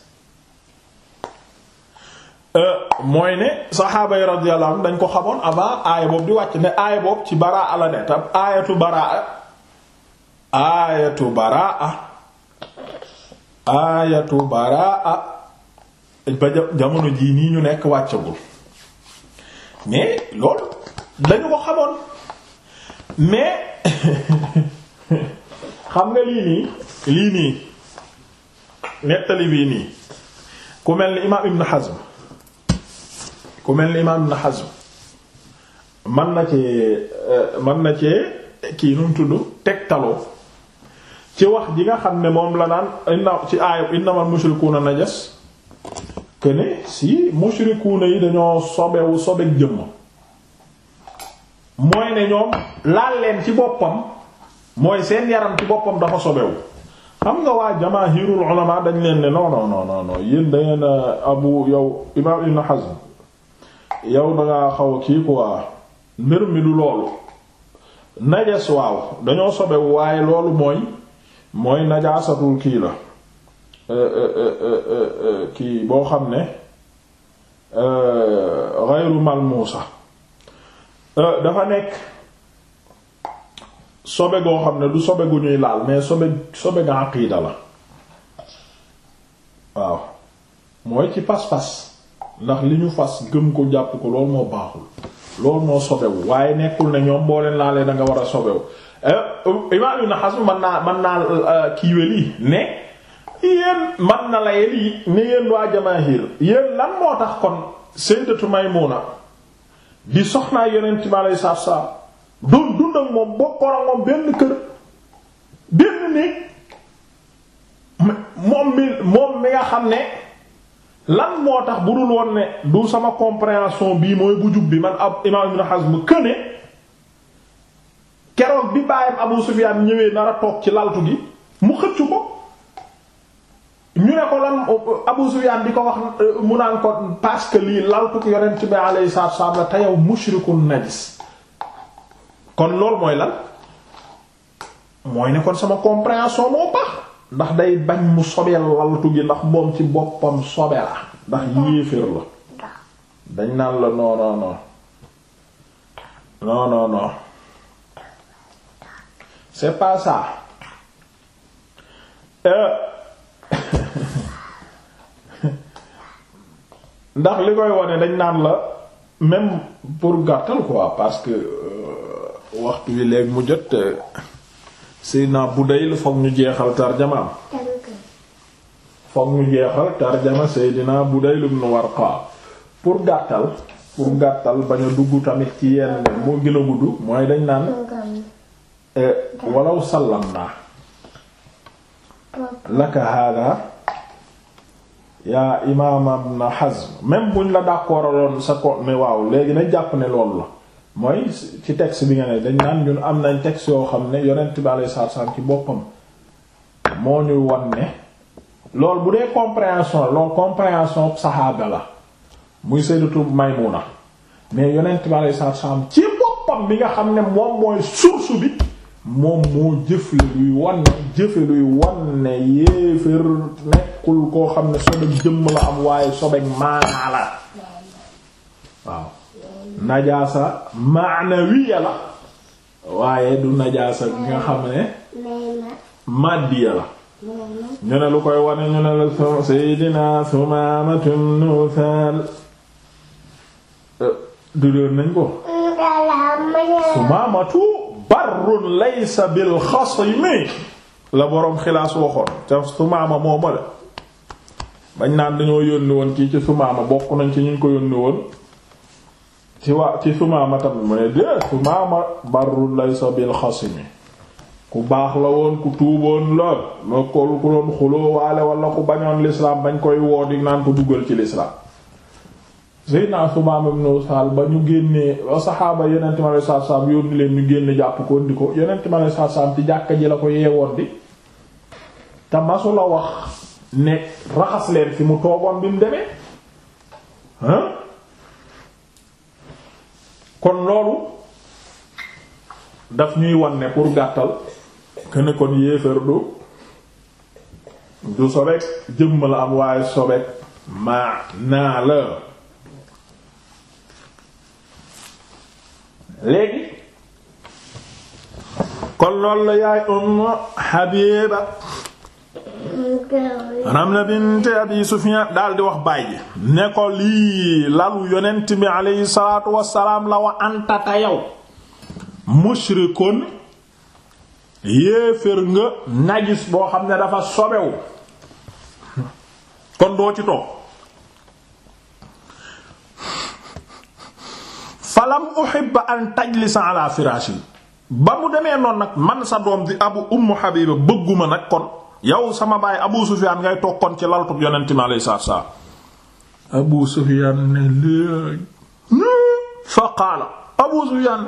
euh, mooy ne saxaaba yi radiyallahu anhum dañ ko xamoon avant aaya boobu di wàcc ne aaya boobu ci baraa la ne tam aayatu baraa aayatu baraa aayatu baraa ba jamono jii nii ñu nekk wàccagul mais loolu dañu ko xamoon mais xam nga lii nii lii nii nettali bii nii ku mel ni imaam Ibn Hazm ku mel ni imaam Ibn Hazm man na cee eh, man na cee kii nu mu ci wax ji nga xam ne moom la naan inna ci aaya innamal mushrikuuna najas que ne si mushrikuuna yi dañoo sobewu sobeek jëmm mooy ne ñoom laal leen ci boppam mooy seen yaram ci boppam dafa sobewu xam nga waa jamaahirul ulama dañ leen ne non non non non yéen da ngeen abu yow imam ibn Hazm yow da ngaa xaw a kii quoi mbir mi du loolu najas waaw dañoo sobe waaye loolu mooy mooy najaasatul kii la euh, euh, euh, kii boo xam ne ghayru malmuusa dafa nekk. sobe goo xam ne du sobe gu ñuy laal mais sobe sobe nga aqiida la waaw mooy ci pas-pas ndax li ñu fas gëm ko jàpp ko loolu moo baaxul loolu moo sobewu waaye nekkul ne ñoom boo leen laalee da nga war a sobewu eh, imaam Ibn Hazm man naa man naa euh, kiiwe ne yéen man na la lii ne yéen waa jamaahir yéen lan moo tax kon Sayyidatu Maymuna di soxnaa yonent bi alayhi salaatu wa ak moom bokkoon ak moom benn kër benn néeg moom mi moom mi nga xam ne lan moo tax bu dul woon ne du sama compréhension bii mooy bu jub bi man ab imaam Ibn Hazm këne keroog bi bàyyam Abu Sufyaan ñëwee nar toog ci laltu gi mu xëccu ko ñu ne ko lan Abu Sufyaan di ko wax mu naan ko parce lii laltu ko yonent bi alayhi salaatu wa la te yow mushrikun najis kon loolu mooy lan mooy ne kon sama compréhension moo baax ndax day bañ mu sobeel laltu gi ndax moom ci boppam sobe la ndax yéeféer la dañ naan la non non non non c'est pas euh. ndax li koy wone dañ naan la même pour gàttal quoi parce euh, waxtu wi léegi mu jot Seydina Budayl foog ñu jeexal tarjamaam foog ñu jeexal tarjama Seydina Budayl ibn Warqa pour gàttal pour gàttal bañ a dugg tamit ci yenn moo gën a gudd mooy dañ naan eh, walaw sallam naa laka hada yaa imaam Ibn Hazm même buñ la d'accordaloon sa ko mais waaw léegi na jàpp ne loolu la mooy ci texte bi nga ne dañ naan ñun am nañ texte yoo xam ne yonent bi alayhi salaatu salaam ci boppam moo ñu wan ne loolu bu dee compréhension loolu compréhension saxaaba la muy Sayyidatu Maymuna mais yonent bi alayhi salaatu salaam ci boppam bi nga xam ne moom mooy source bi moom moo jëfle luy wan ne jëfe luy wan ne yéefér nekkul koo xam ne sobeek jëmm la am waaye sobeek maanaa la waaw najaasa maanawiya la waaye du najaasa bi nga xam ne màddiya la ñu ne lu koy wane ñu ne la Seydina Sumaamatu ibn Usaal eh, du doon nañ ko Sumaamatu barrun laysa bil xasimi la boroom xilaas waxoon ca Sumaama moo ma bañ naan dañoo yónni woon kii ci Sumaama bokk nañ ci ñu ko yónni woon ci waa ci Sumaama tamit mu ne dee Sumaama barrul laysa bil xasimi ku baax la woon ku tuuboon la loo ko ku doon xuloo waale wala ku bañoon lislaam bañ koy woo di naan ko duggal ci lislaam Seydina Sumaama ibn Sahl ba ñu génnee saxaaba yonent ma lay saab yónni leen ñu génn jàpp ko indi ko yonent ma lay saab ci jàkka ji la ko yeewoon di te masu la wax ne raxas leen fi mu toogoon bi mu demee kon loolu daf ñuy wan ne pour gàttal këne kon yéeféer du du sobeek jëmm am waaye sobeek maa naa la léegi kon loolu la yaay Umm Habiba Ramla bint Abi Sufyan di wax baay ji ne ko lii lalu yonent bi aleyhi salaatu wassalaam la wa antata yow mushrikun yéefér nga najis boo xam ne dafa sobewu kon doo ci toog falam uhibba an tajlisa ala firaashi ba mu demee noon nag man sa doom di abu ummu Habiba bëgguma nag kon yow sama baay Abu Sufyaan ngay tokkoon ci laltub yonent mi alayhi salaatu salaam Abu Sufyaan ne léegi fa qaala Abu Sufyaan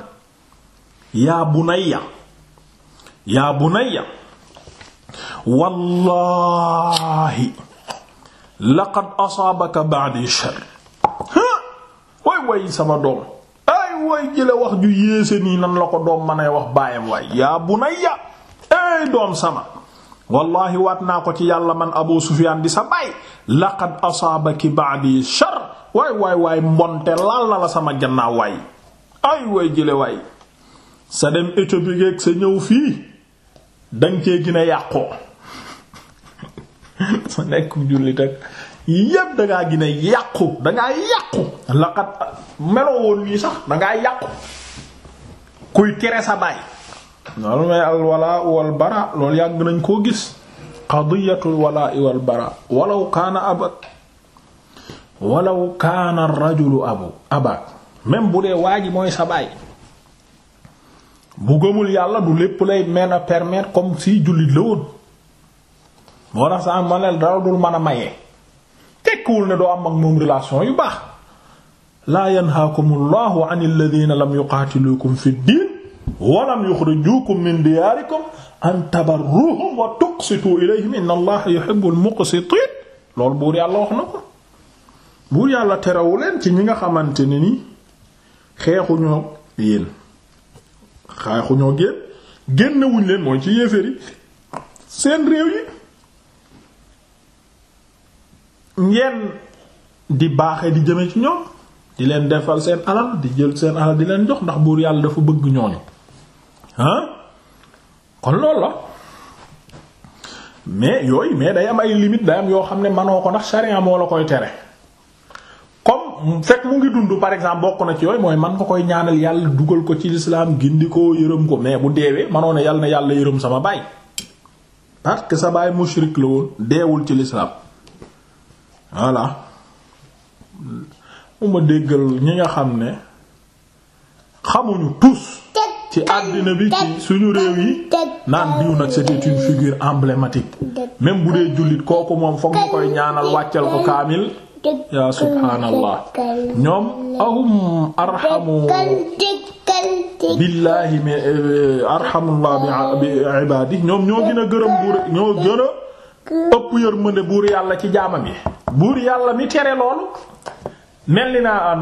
yaa bunayya yaa bunayya wallaahi laqad asaabaka ba'di sharr way way sama doom ay way jële wax ju yéese nii nan la ko doom mën wax baayam waay yaa bunayya ay doom sama wallahi waat naa ko ci yàlla man abu sufiyaan di sa baay laqad asaabaki ba'di shar waay waay waay mbonte laal na la sama gannaaw waay ay waay jële waay sa dem Éthiopie geek sa ñëw fii danga cee gën a yàqoo sa nekkum jullit ak yépp dangaa gën a yàqu dangaa yàqu laqad meloo woon sax dangaa yàqu kuy tere sa baay loolu mooy al walaa wal bara yàgg nañ koo gis qadiyatul walaa wal bara walaw kaana abak walaw kaana rajulu abu abak même bu dee waa mooy sa baay bu gëmul yàlla du lépp lay mën a permettre comme si jullit la woon moo tax sa manel dara dul mën a maye tekkiwul ne doo am ak moom relation yu baax laa yanhaakum allahu an alladhina lam yuqaatilukum fi ddin walam yuxrijukum min diyaarikum an tabarruhum wa tuqsitu ilayhim inna allaha yuhibbul muqsitin loolu buur yàlla wax na ko buur yàlla terewu leen ci ñi nga xamante ne ni xeexuñoo yéen xeexuñoo génn génnewuñ leen mooy ci yéeféer yi seen réew yi ngeen di baaxee di jëme ci ñoom di leen defal seen alal di jël seen alal di leen jox ndax buur yàlla dafa bëgg ñooñu ah kon loolu la mais yooyu mais day am ay limite day yoo xam ne manoo ko ndax sharia moo la koy tere comme fekk mu ngi dund par exemple bokk na ci yooy mooy man nga koy ñaanal yàlla dugal ko ci lislaam gindi ko yërëm ko mais bu deewee manoo yàlla na yàlla yërëm sama baay parce que sa baay mushrik la woon deewul ci lislaam voilà mu ma déggal ñi nga xam ne xamuñu tous ci àddina bi suñu réew yi naan diw nag c'était une figure emblématique même bu dee jullit kooku moom foog ñu koy ñaanal wàccal ko kaamil yaa subhaanallah ñoom ahum arhamu billaahi mi eh, arhamullah bi ibaadi ñoom ñoo gën a gërëm buur ñoo gën ëpp yërmande buur yàlla ci jaamam yi buur yàlla mi tere loolu mel ni ah,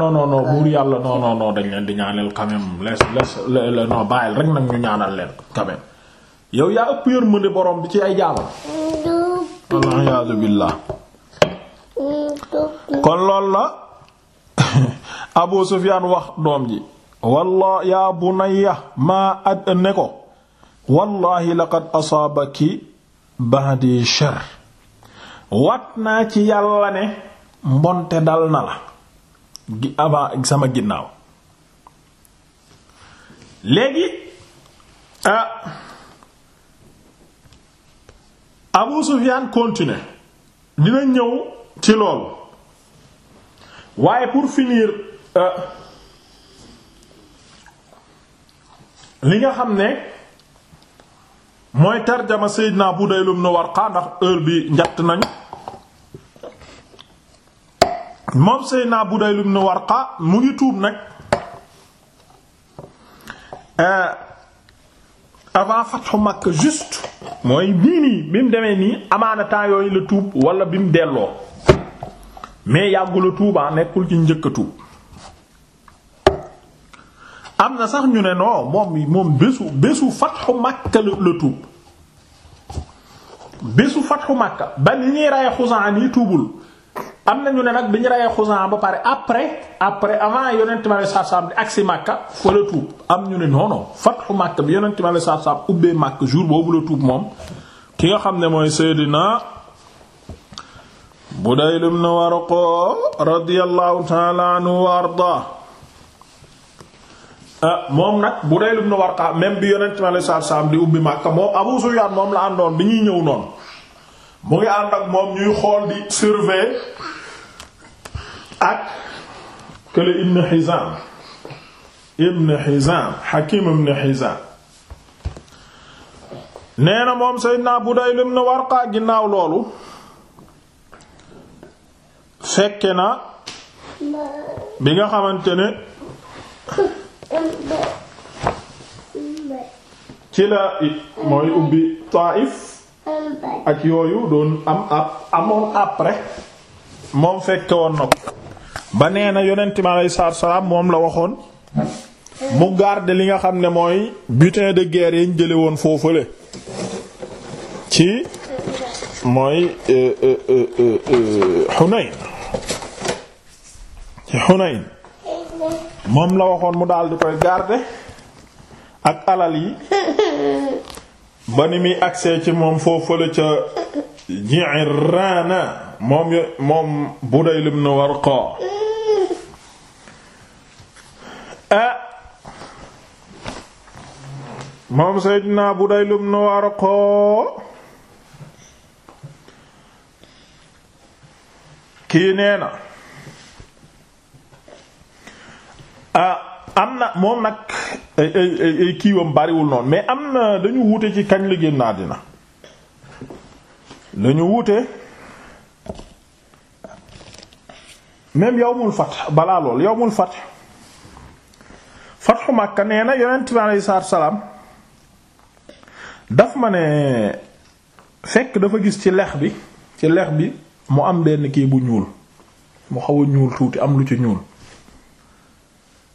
yàlla non leen di ñaanal quand même les les non bàyyil rek yow yaa borom bi ci ay jaamam. waliyaadu kon loolu la Abu Sufyaan wax doom ji. walla yaa bunayya maa ad ne ko. wallaahi laqad asaabaki ba'di shar. wat naa ci yàlla ne. mbonte dal na la. gi avant sama ginnaaw léegi ah Abu Sufyan continue dina ñëw ci loolu waaye pour finir euh, li nga xam ne mooy tarjama Seydina Budayl ibn Warqa ndax heure bi njatt nañu moom Seydina Budayl ibn Warqa mu ngi tuub nag euh, avant fatxu Makka juste mooy bii nii bi mu demee nii amaana temps yooyu la tuub wala bi mu delloo mais yàggula tuubaa ah, nekkul ci njëkka tuub am na sax ñu ne non moom moom bésu bésu fatxu Makka la tuub bésu fatxu Makka ba li ñuy rey xusaan yi tuubul am na ñu ne nag bi ñu reyee Xuzaa ba pare après après avant yonent mi alayhi salaam di agsi Makka fa la tuub am ñu ne non non fatxu Makka bi yonent mi alayhi salaam ubbee Makka jour boobu la tuub moom ki nga xam ne mooy Seydina Budayl ibn Warqa radiyallahu wa ardaa ah, moom nag Budayl ibn Warqa même bi yonent mi alayhi salaam di ubbi Makka moom Abu Sufyaan moom la àndoon bi ñuy ñëw noonu mu ngi ànd ak moom ñuy xool di surveiller ak kële ibn Hizam ibn Hizam Hakim ibn Hizam nee na moom Seydina Budayl ibn Warqa ginnaaw loolu fekke na bi nga xamante ne ci la mooy ubbi Taif ak yooyu doon am après moom fekke woon na ko ba nee na yonent mi aleyhi salaatu salaam moom la waxoon mu garder li nga xam ne mooy butin de guerre yi ñu jële woon foofule ci mooy euh, euh, euh, Hunayn ci Hunayn moom la waxoon mu daal di koy garde ak alal yi ba ni muy agse ci moom foofule ca Ji'rana moom moom Budayl ibn Warqa Ah. moom Seydina Budayl ibn Warqa kii nee na ah, am na moom nag kiiwam bariwul noonu mais am na dañu wuute ci kañ la génn àddina dañu wuute même yawmul fath balaa lool yawmul fath fatxu Makka nee na yonent bi alayhi salaam daf ma ne fekk dafa gis ci lex bi ci lex bi mu am benn kii bu ñuul mu xaw a ñuul tuuti am lu ci ñuul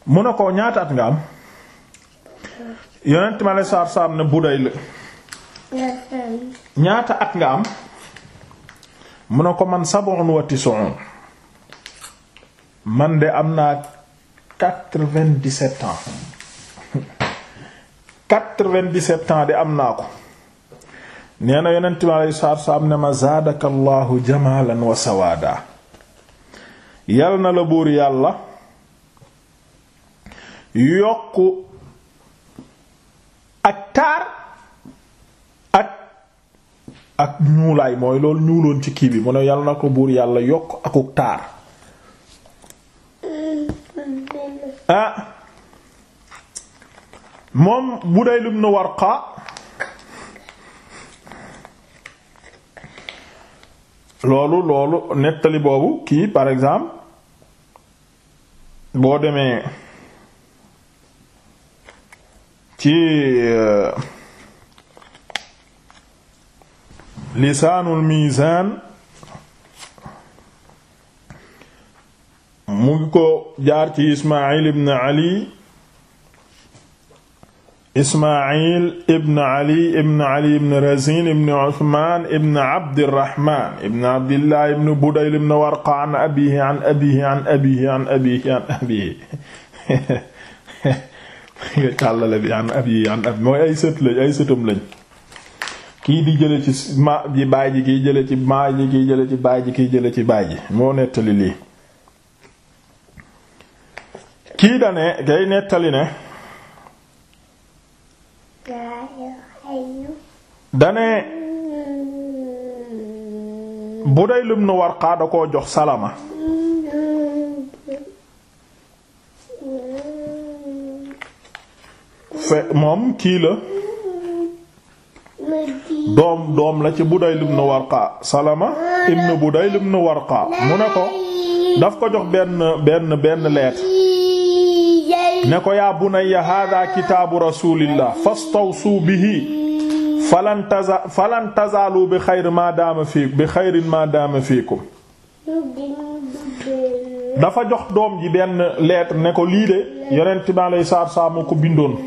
mu ne ko ñaata at nga am yonent bi alayhi salaam ne buday la ñaata at nga am mu ne ko man sab'un wa tis'un man de am naa quatre-vingt-dix-sept ans quatre-vingt-dix-sept di am naa ko nee na yonent bi alayhi salaatu salaam ne ma zaadaka allahu jamalan wa yal na la buur yàlla yokk ak taar ak ak ñuulaay mooy loolu ñuuloon ci kii bi mu ne yal na ko buur yàlla yokk akuk taar ah moom Budayl ibn Warqa loolu loolu nettali boobu kii par exemple boo demee ci euh, lisaanul miisaan mu ngi ko jaar ci ismail ibn ali ismail ibn ali ibn ali ibn razin ibn uthman ibn abdirahman ibn budayl ibn warqa abihi abihi abihi abihi abihi bi an abihi an mooy ay sët lañ ay sëtam lañ kii di jële ci ma ji baay ji kiy jële ci maa ji ci baay ji moo nettali lii kii dane gay nettali ne dane bu day lum nu Warqa da koo jox Salama fe moom kii la doom doom la ci Budayl ibn Warqa Salama ibn Budayl ibn Warqa mu ne ko daf ko jox benn benn benn lettre ne ko yaa bunayya haadaa kitaabu rasuulillah fastawsuu bihi falan taza falan ma daama fii bi dafa jox doom ji benn lettre ne ko lii de yonent bi alayhi salaatu salaam ko bindoon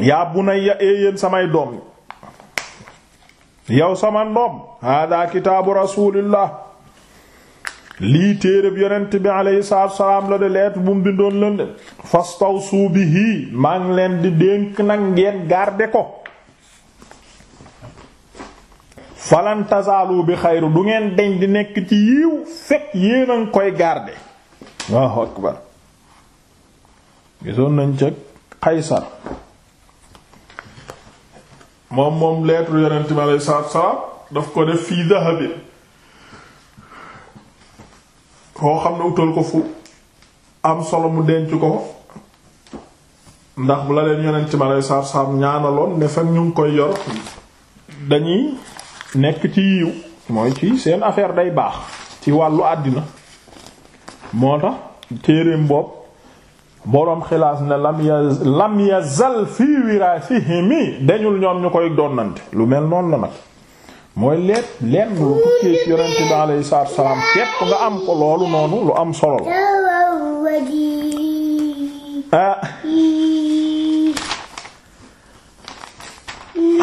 yaa bunayya ee eh, samay doom yow sama doom haadaa kitaabu rasuulillah lii téeréb yonent bi alayhi salaatu salaam la de lettre bu mu bindoon leen de fastawsu bihi maa ngi leen di dénk nag ngeen garder ko falan bi xayru du ngeen deñ di nekk ci yiw fekk yéen ngi koy garder gisoon nañ ca Qaysar moom moom lettre yonent bi alayhi salaam daf ko def fii dahabin koo xam ne utal ko fu am solo mu denc ko ndax bu la leen yonent ma lay saar saar ñaanaloon ne fekk ñu ngi koy yor dañuy nekk ci yiw mooy ci seen affaire day baax ci wàllu àddina moo tax téereem bopp boroom xilaas ne lam ya lam ya zal fii wiraasihimi dañul ñoom ñu koy donnante lu mel noonu la nag mooy lépp lenn lu tukkee ci yonent bi alayhi salaatu am ko loolu noonu lu am solo la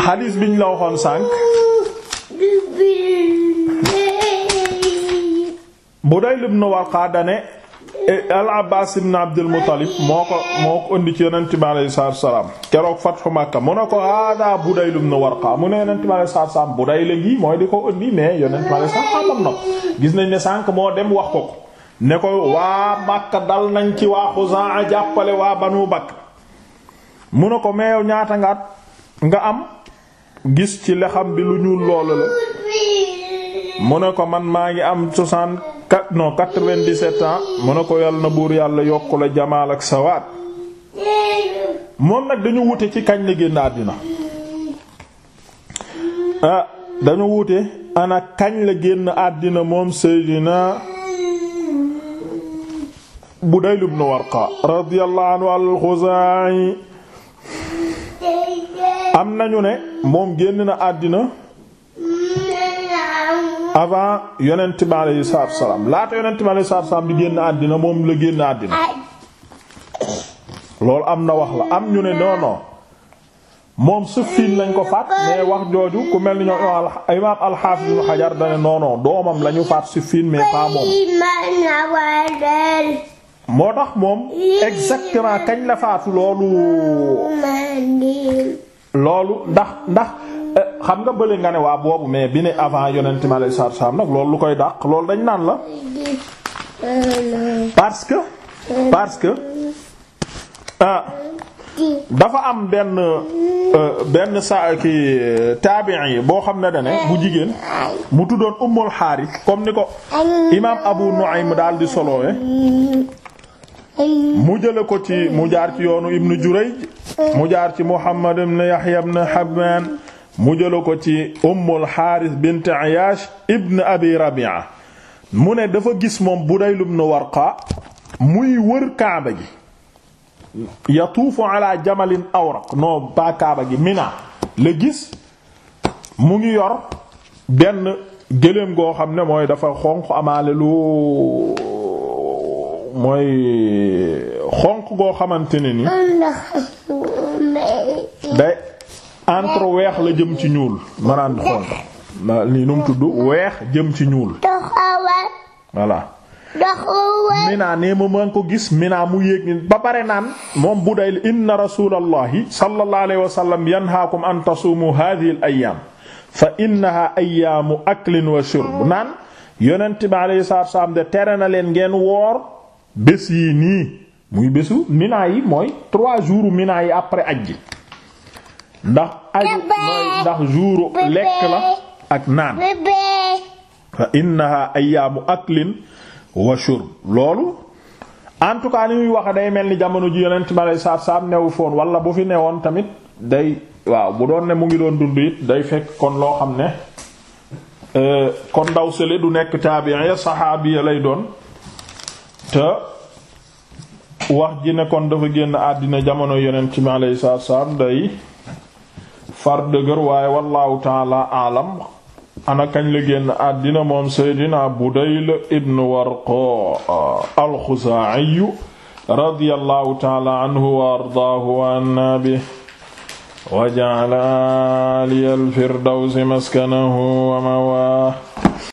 xadiis ah. biñ la waxoon sànq Budayl ibn Warqa dane E, al abbaas ibn abdul muttalib moo ko moo ko indi ci yonent bi alayhi salaatu wassalaam keroog fatxu makka mu ne ko hàdda budayl ibn warqa mu ne yonent bi alayhi salaatu wassalaam ngi mooy di ko indi mais yonent bi alayhi salaatu wassalaam nopp gis nañ ne sank moo dem wax ko ko ne ko waa makka dal nañ ci waa xuzaa jàppale waa banu bakk mu ne ko meew ñaata nga nga am gis ci lexam bi lu ñuul loolu la mu ne ko man maa ngi am soixante quatre non quatre-vingt-dix-sept ans mu ne ko yàlla na buur yàlla yokku la jamaal ak sawaat moom nag dañu wute ci kañ la génn àddina ah dañu wute ana kañ la génn àddina moom Seydina Budayl ibn Warqa radiyallahu anhu al-Khuzai am nañu ne moom génn na àddina avant yonent bi alayhi salaatu salaam laata yonent bi alayhi salaatu salaam di génn àddina moom la génn àddina loolu am na wax la am ñu ne non non moom Siffin lañ ko faat mais wax jooju ku mel ni ñoom imaam al-Hafiz Ibn Hajar da doomam la ñu faat Siffin mais pas moom. moo tax moom exactement kañ la faatu loolu. loolu ndax ndax. Eh, xam nga bële nga ne waa boobu mais bi ne avant yonent mi alayhi salaatu salaam nag loolu lu koy dàq loolu dañ naan la parce que parce que eh, dafa am benn eh, benn sa ki taabi'i yi boo xam ne dane bu jigéen mu tuddoon Ummul Haaris comme ni ko imaam Abu Nu'aym daal di solowee mu jële ko ci mu jaar ci yoonu Ibn Jurayj mu jaar ci Muhammad ibn Yahya ibn Habban mu jëla ko ci ummul xaaris bint Ayaash ibn abi Rabia mu ne dafa gis moom bu lu ibn Warqa muy wër kaaba gi yatuufu ala jamalin awraq non ba kaaba gi Mina la gis mu ngi yor benn gëléem goo xam ne mooy dafa xonq amaale lu mooy xonq goo xamante ne ni entre weex la jëm ci ñuul manaan xool na lii tudd weex jëm ci ñuul voilà minaa nee ma maa ko gis minaa mu yéeg ba pare naan moom Budayl inna rasulallahi sallallahu alayhi wa sallam yanhaakum an tasuumu hadhihi al fa innaha ayyaamu aklin wa shurb naan yonent bi alayhi salaam de tere na leen ngeen woor bés yi nii muy bésu minaa yi mooy trois jours minaa yi après ajji ndax aju mooy ndax jour lekk la ak naan fa innaha ayaamu aklin wa shurb loolu en tout cas li muy wax day mel ni jamono ji yonent ma lay saab saab newu foon wala bu fi newoon tamit day waaw bu doon ne mu ngi doon dund it day fekk kon loo xam ne euh, kon ndaw sële du nekk taabiya saxaabiya lay doon te wax ji ne kon dafa génn àddina jamono yeneen ma lay saab saab day far dëgër waaye wallahu taala alam ana kañ la génn àddina moom seydina budayl ibn warqa alxuzaa'i radiyallahu taala anhu wa ardaahu wa anna bihi wa ja'ala aliyal firdawsi maskanahu wa mawaa